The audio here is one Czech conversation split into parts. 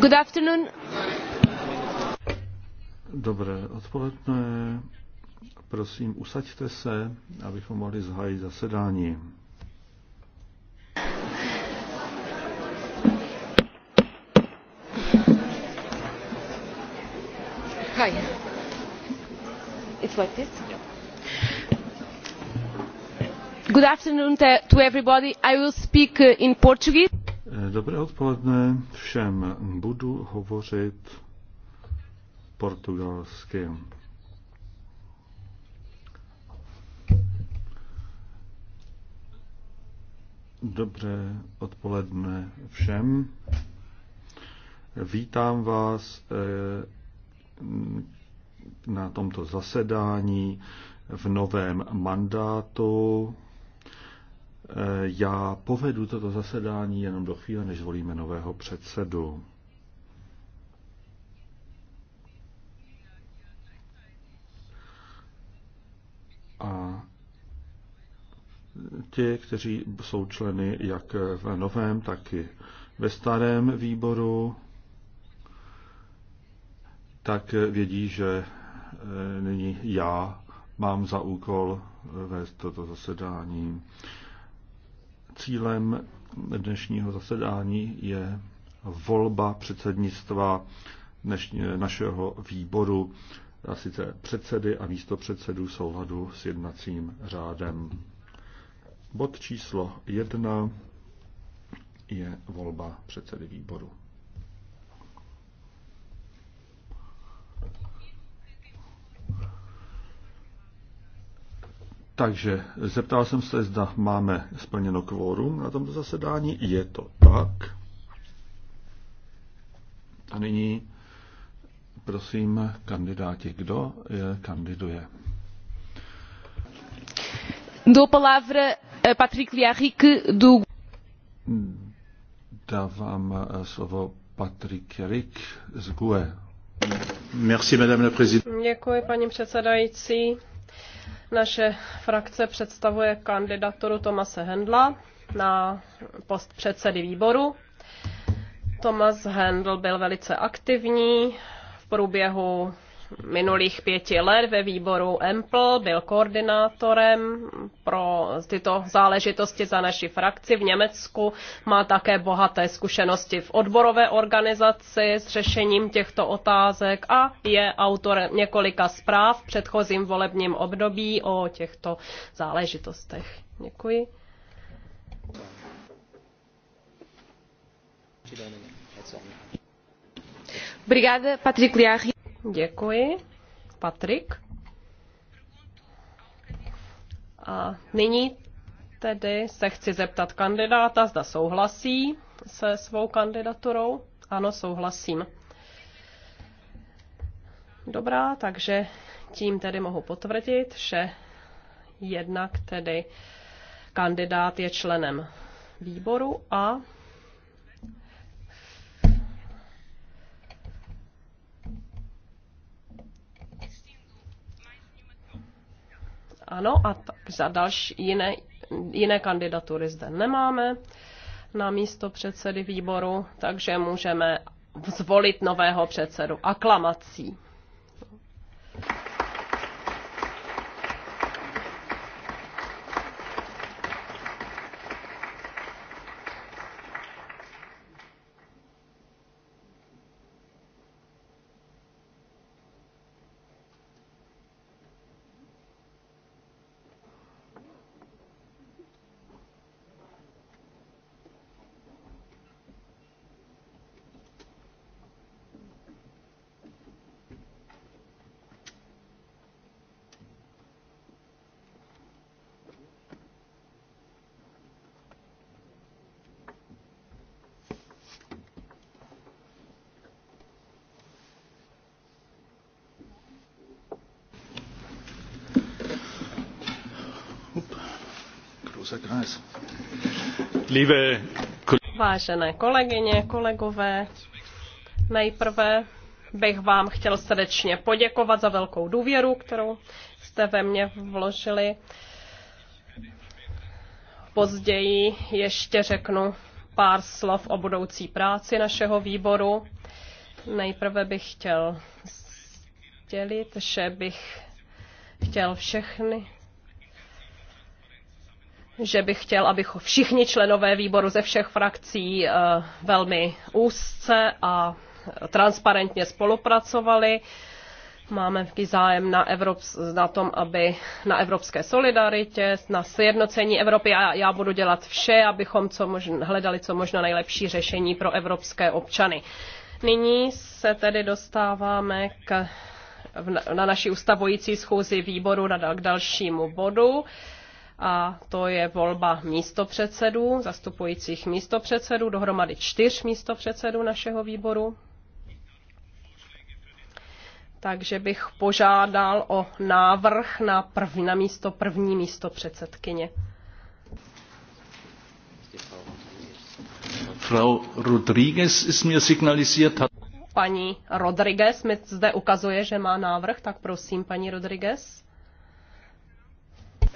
Good afternoon. Dobré odpoledne. Prosím, usaďte se, abychom mohli zahájit zasedání. Hi. It's like this? Good afternoon to everybody. I will speak uh, in Portuguese. Dobré odpoledne všem. Budu hovořit portugalsky. Dobré odpoledne všem. Vítám vás eh, na tomto zasedání v novém mandátu Eh, já povedu toto zasedání jenom do chvíle, než volíme nového předsedu. A ti, kteří jsou členy jak v novém, tak i ve starém výboru, tak vědí, že eh, nyní já mám za úkol vést toto zasedání. Cílem dnešního zasedání je volba předsednictva dnešní, našeho výboru, a sice předsedy a místopředsedů v souladu s jednacím řádem. Bod číslo jedna je volba předsedy výboru. Takže zeptal jsem se, zda máme splněno kvórum na tomto zasedání. Je to tak. A nyní prosím kandidáti, kdo je, kandiduje. Do palavra Patrick Liaric do... Dávám eh, slovo Patrick Rick z GUE. Merci, madame la Děkuji, paní předsedající naše frakce představuje kandidaturu Tomase Hendla na post předsedy výboru. Tomas Hendl byl velice aktivní v průběhu minulých pěti let ve výboru EMPL, byl koordinátorem pro tyto záležitosti za naši frakci v Německu, má také bohaté zkušenosti v odborové organizaci s řešením těchto otázek a je autorem několika zpráv v předchozím volebním období o těchto záležitostech. Děkuji. Obrigada, Patrick Liarri. Děkuji. Patrik. A nyní tedy se chci zeptat kandidáta, zda souhlasí se svou kandidaturou. Ano, souhlasím. Dobrá, takže tím tedy mohu potvrdit, že jednak tedy kandidát je členem výboru a Ano, a tak za další jiné, jiné kandidatury zde nemáme na místo předsedy výboru, takže můžeme zvolit nového předsedu aklamací. Vážené kolegyně, kolegové, nejprve bych vám chtěl srdečně poděkovat za velkou důvěru, kterou jste ve mě vložili. Později ještě řeknu pár slov o budoucí práci našeho výboru. Nejprve bych chtěl sdělit, že bych chtěl všechny že bych chtěl, abych všichni členové výboru ze všech frakcí eh, velmi úzce a transparentně spolupracovali. Máme taky zájem na, Evrop, na tom, aby na evropské solidaritě, na sjednocení Evropy a já budu dělat vše, abychom co možno, hledali co možno nejlepší řešení pro evropské občany. Nyní se tedy dostáváme k, na naší ustavující schůzi výboru na, k dalšímu bodu a to je volba místopředsedů, zastupujících místopředsedů, dohromady čtyř místopředsedů našeho výboru. Takže bych požádal o návrh na, první, na místo první místo předsedkyně. Frau Rodriguez ist mir signalisiert hat. Paní Rodriguez mi zde ukazuje, že má návrh, tak prosím, paní Rodriguez.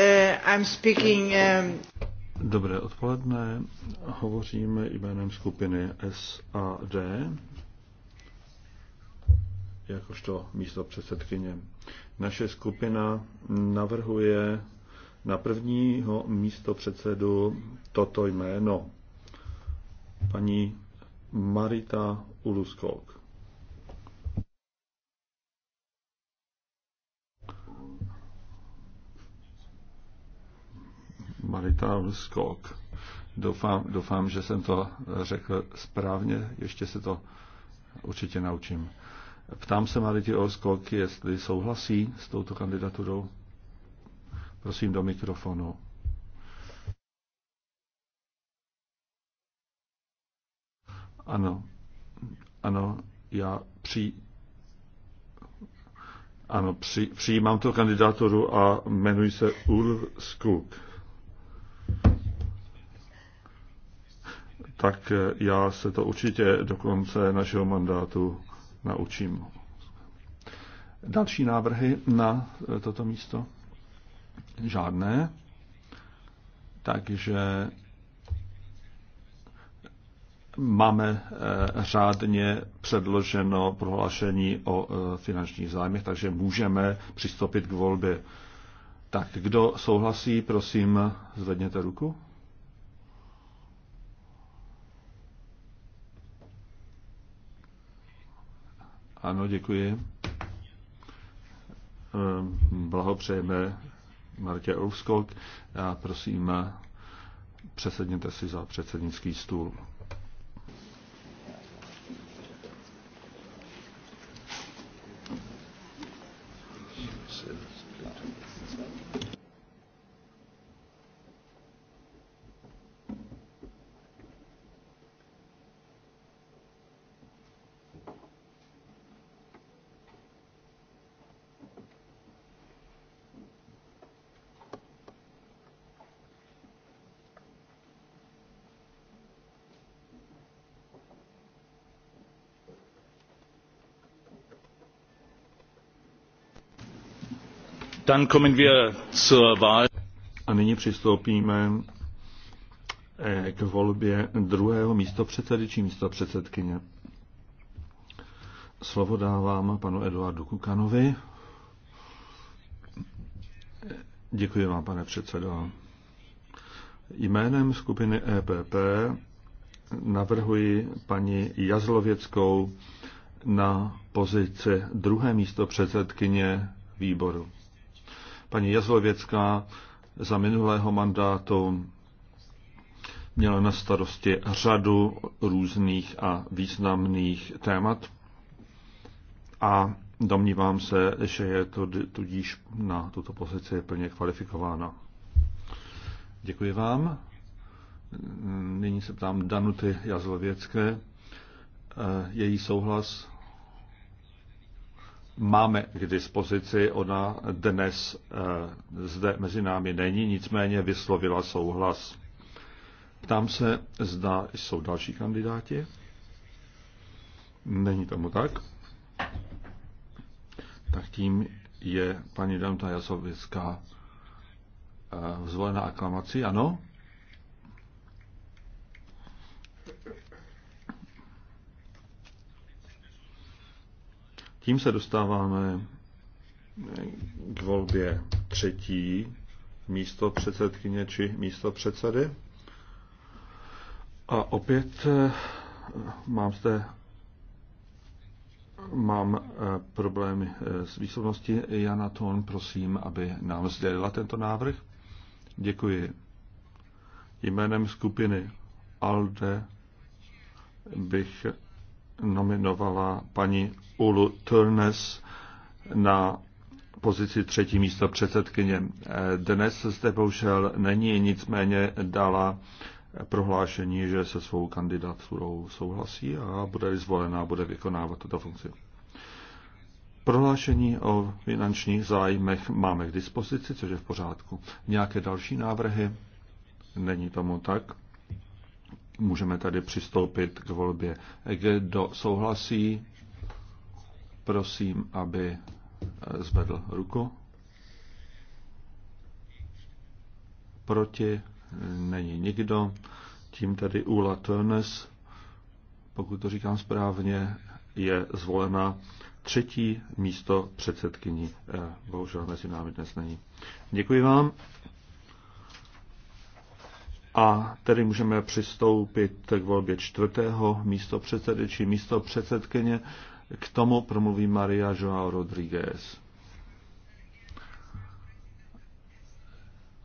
Eh, I'm speaking, um... Dobré odpoledne. Hovořím jménem skupiny SAD jakožto místo předsedkyně. Naše skupina navrhuje na prvního místo předsedu toto jméno. Paní Marita Uluskok. Marital skok. Doufám, doufám, že jsem to řekl správně, ještě se to určitě naučím. Ptám se Marity Olskok, jestli souhlasí s touto kandidaturou. Prosím do mikrofonu. Ano, ano, já při... Ano, při, přijímám tu kandidaturu a jmenuji se Ulf Skuk. tak eh, já se to určitě do konce našeho mandátu naučím. Další návrhy na eh, toto místo? Žádné. Takže máme eh, řádně předloženo prohlášení o finančních zájmech, takže můžeme přistoupit k volbě. Tak kdo souhlasí, prosím, zvedněte ruku. Ano, děkuji. Ehm, blahopřejeme Martě Ulfskog a prosím, eh, přesedněte si za předsednický stůl. Dann kommen wir zur Wahl. A nyní přistoupíme eh, k volbě druhého místopředsedy či místopředsedkyně. Slovo dávám panu Eduardu Kukanovi. Děkuji vám, pane předsedo. Jménem skupiny EPP navrhuji paní Jazlověckou na pozici druhé místo předsedkyně výboru paní Jazlověcká za minulého mandátu měla na starosti řadu různých a významných témat a domnívám se, že je to tudíž na tuto pozici plně kvalifikována. Děkuji vám. Nyní se ptám Danuty Jazlověcké. Eh, její souhlas máme k dispozici. Ona dnes eh, zde mezi námi není, nicméně vyslovila souhlas. Ptám se, zda jsou další kandidáti. Není tomu tak. Tak tím je paní Danta Jasovická eh, zvolená aklamací, ano? Tím se dostáváme eh, k volbě třetí místo předsedkyně či místo předsedy. A opět eh, mám zde mám eh, problémy s výslovností. Jana Tón, prosím, aby nám sdělila tento návrh. Děkuji. Jménem skupiny ALDE bych nominovala paní Ulu Turnes na pozici třetí místo předsedkyně. Dnes zde bohužel není, nicméně dala prohlášení, že se svou kandidaturou souhlasí a bude zvolená, bude vykonávat tuto funkci. Prohlášení o finančních zájmech máme k dispozici, což je v pořádku. Nějaké další návrhy? Není tomu tak můžeme tady přistoupit k volbě. Kdo souhlasí, prosím, aby eh, zvedl ruku. Proti eh, není nikdo. Tím tedy Ula Tönes, pokud to říkám správně, je zvolena třetí místo předsedkyní. Eh, bohužel mezi námi dnes není. Děkuji vám. A tedy můžeme přistoupit k volbě čtvrtého místo předsedy či místo předsedkyně. K tomu promluví Maria Joao Rodriguez.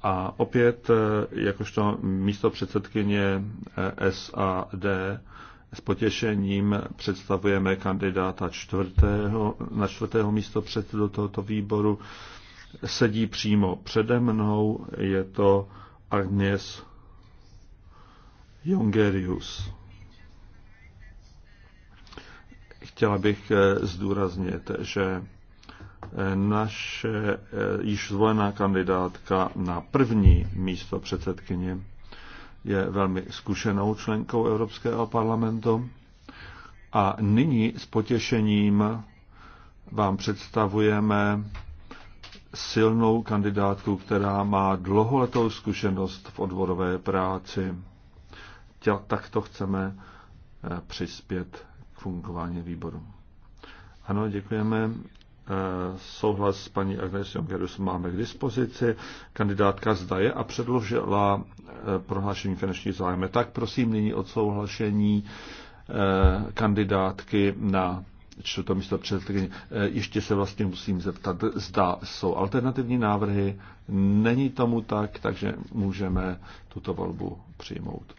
A opět, eh, jakožto místo předsedkyně eh, SAD, s potěšením představujeme kandidáta čtvrtého, na čtvrtého místo předsedu tohoto výboru. Sedí přímo přede mnou, je to Agnes Jongerius. Chtěla bych eh, zdůraznit, že eh, naše eh, již zvolená kandidátka na první místo předsedkyně je velmi zkušenou členkou Evropského parlamentu a nyní s potěšením vám představujeme silnou kandidátku, která má dlouholetou zkušenost v odvodové práci chtěl, takto chceme eh, přispět k fungování výboru. Ano, děkujeme. Eh, souhlas s paní Agnes Gerus máme k dispozici. Kandidátka zdaje a předložila eh, prohlášení finanční zájmy. Tak prosím nyní o souhlašení kandidátky na čtvrté místo předsedkyně. Ještě se vlastně musím zeptat, zda jsou alternativní návrhy. Není tomu tak, takže můžeme tuto volbu přijmout.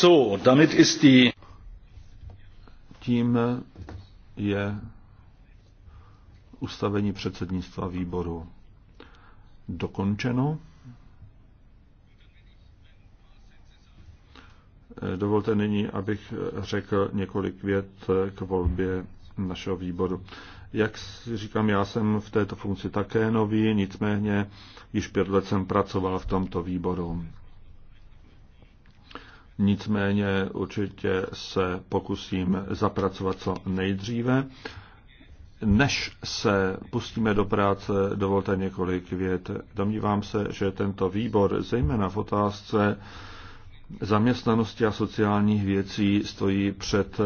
So, damit ist die... Tím je ustavení předsednictva výboru dokončeno. Dovolte nyní, abych řekl několik vět k volbě našeho výboru. Jak říkám, já jsem v této funkci také nový, nicméně již pět let jsem pracoval v tomto výboru nicméně určitě se pokusím zapracovat co nejdříve. Než se pustíme do práce, dovolte několik vět. Domnívám se, že tento výbor, zejména v otázce zaměstnanosti a sociálních věcí, stojí před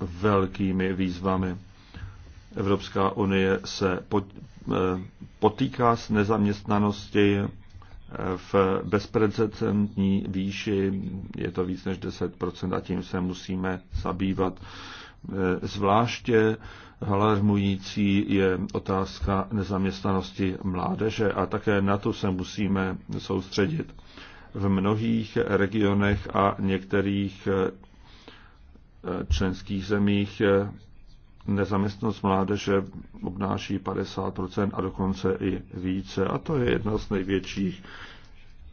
velkými výzvami. Evropská unie se eh, potýká s nezaměstnaností, v bezprecedentní výši, je to víc než 10% a tím se musíme zabývat. Eh, zvláště alarmující je otázka nezaměstnanosti mládeže a také na to se musíme soustředit. V mnohých regionech a některých eh, členských zemích eh, nezaměstnanost mládeže obnáší 50% a dokonce i více. A to je jedna z největších,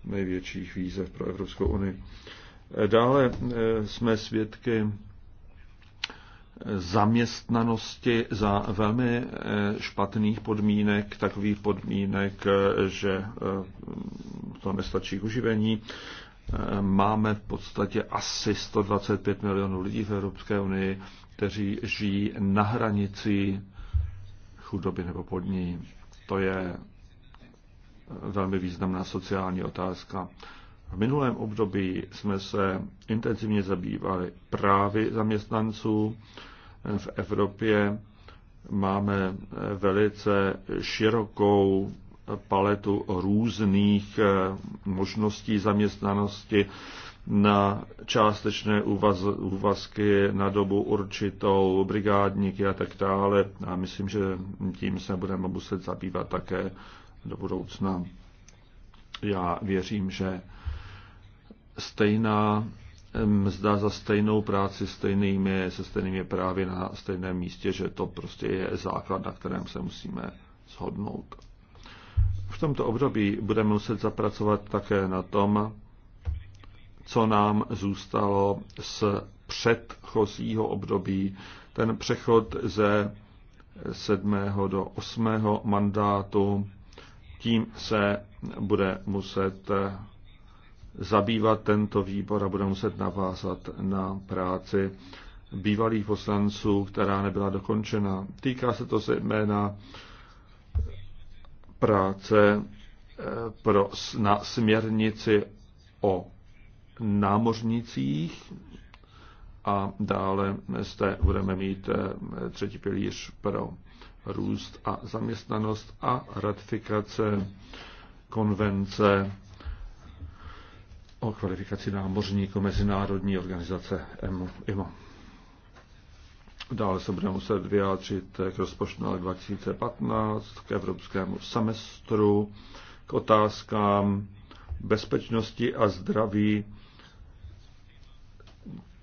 největších výzev pro Evropskou unii. Dále eh, jsme svědky eh, zaměstnanosti za velmi eh, špatných podmínek, takových podmínek, že to nestačí k uživení. Máme v podstatě asi 125 milionů lidí v Evropské unii, kteří žijí na hranici chudoby nebo pod ní. To je velmi významná sociální otázka. V minulém období jsme se intenzivně zabývali právy zaměstnanců. V Evropě máme velice širokou paletu různých možností zaměstnanosti na částečné uvaz, uvazky na dobu určitou, brigádníky a tak dále. A myslím, že tím se budeme muset zabývat také do budoucna. Já věřím, že stejná mzda za stejnou práci stejnými, se stejnými právy na stejném místě, že to prostě je základ, na kterém se musíme shodnout. V tomto období budeme muset zapracovat také na tom, co nám zůstalo z předchozího období. Ten přechod ze sedmého do osmého mandátu, tím se bude muset zabývat tento výbor a bude muset navázat na práci bývalých poslanců, která nebyla dokončena. Týká se to zejména práce eh, pro, na směrnici o námořnicích a dále zde budeme mít eh, třetí pilíř pro růst a zaměstnanost a ratifikace konvence o kvalifikaci námořníků Mezinárodní organizace IMO. Dále se budeme muset vyjádřit k rozpočtu na 2015, k evropskému semestru, k otázkám bezpečnosti a zdraví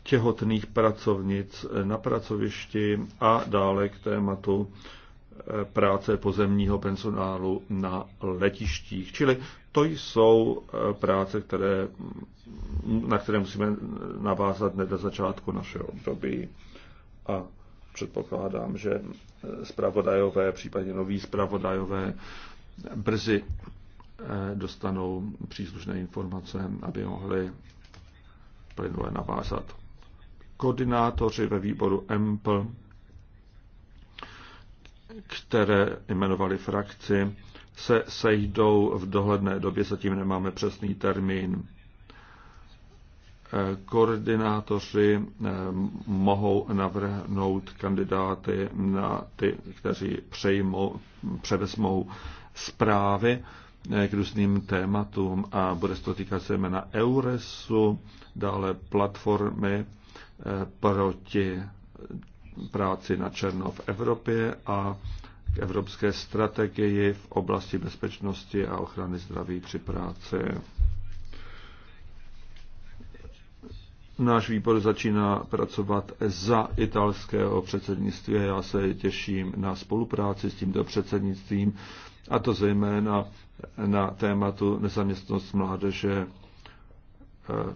těhotných pracovnic na pracovišti a dále k tématu eh, práce pozemního personálu na letištích. Čili to jsou eh, práce, které, na které musíme navázat hned na začátku našeho období. A předpokládám, že eh, zpravodajové, případně noví zpravodajové, brzy dostanou příslušné informace, aby mohli plynule navázat koordinátoři ve výboru EMPL, které jmenovali frakci, se sejdou v dohledné době, zatím nemáme přesný termín. Eh, koordinátoři eh, mohou navrhnout kandidáty na ty, kteří přejmou, převezmou zprávy eh, k různým tématům a bude se to týkat zejména Euresu, dále platformy proti práci na černo v Evropě a k evropské strategii v oblasti bezpečnosti a ochrany zdraví při práci. Náš výbor začíná pracovat za italského předsednictví a já se těším na spolupráci s tímto předsednictvím, a to zejména na tématu nezaměstnost mládeže eh,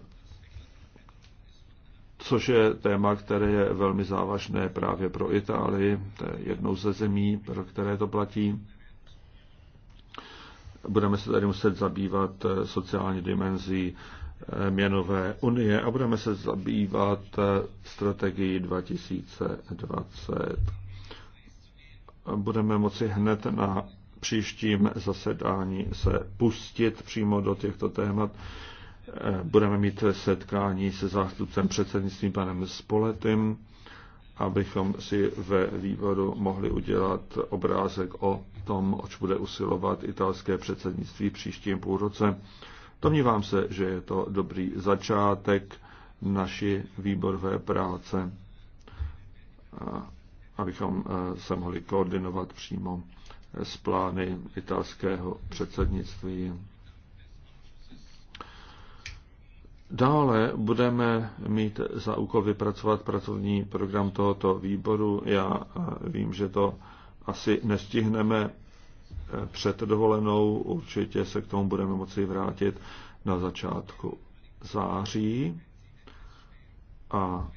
což je téma, které je velmi závažné právě pro Itálii, to je jednou ze zemí, pro které to platí. Budeme se tady muset zabývat eh, sociální dimenzí eh, měnové unie a budeme se zabývat eh, strategií 2020. Budeme moci hned na příštím zasedání se pustit přímo do těchto témat Budeme mít setkání se zástupcem předsednictví panem Spoletem, abychom si ve výboru mohli udělat obrázek o tom, oč bude usilovat italské předsednictví příštím půlroce. Domnívám se, že je to dobrý začátek naší výborové práce, abychom e, se mohli koordinovat přímo s plány italského předsednictví. Dále budeme mít za úkol vypracovat pracovní program tohoto výboru. Já vím, že to asi nestihneme eh, před dovolenou, určitě se k tomu budeme moci vrátit na začátku září a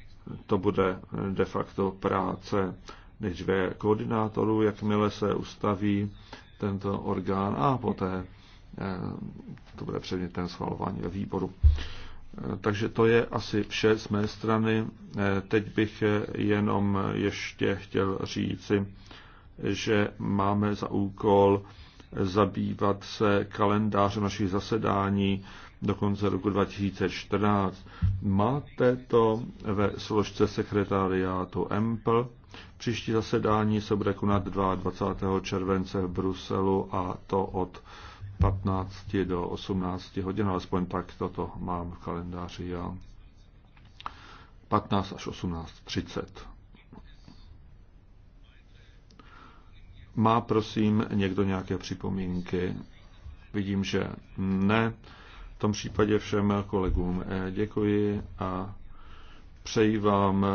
to bude de facto práce nejdříve koordinátorů, jakmile se ustaví tento orgán a poté eh, to bude předmětem schvalování ve výboru. Takže to je asi vše z mé strany. Eh, teď bych eh, jenom ještě chtěl říci, že máme za úkol zabývat se kalendářem našich zasedání do konce roku 2014. Máte to ve složce sekretariátu EMPL. Příští zasedání se bude konat 22. července v Bruselu a to od 15 do 18 hodin, alespoň tak toto mám v kalendáři já. 15 až 18.30. Má prosím někdo nějaké připomínky? Vidím, že ne. V tom případě všem kolegům eh, děkuji a přeji vám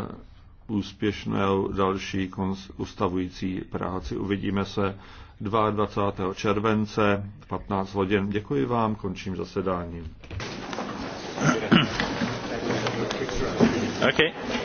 úspěšnou další ustavující práci. Uvidíme se 22. července 15 hodin. Děkuji vám, končím zasedání. Okay.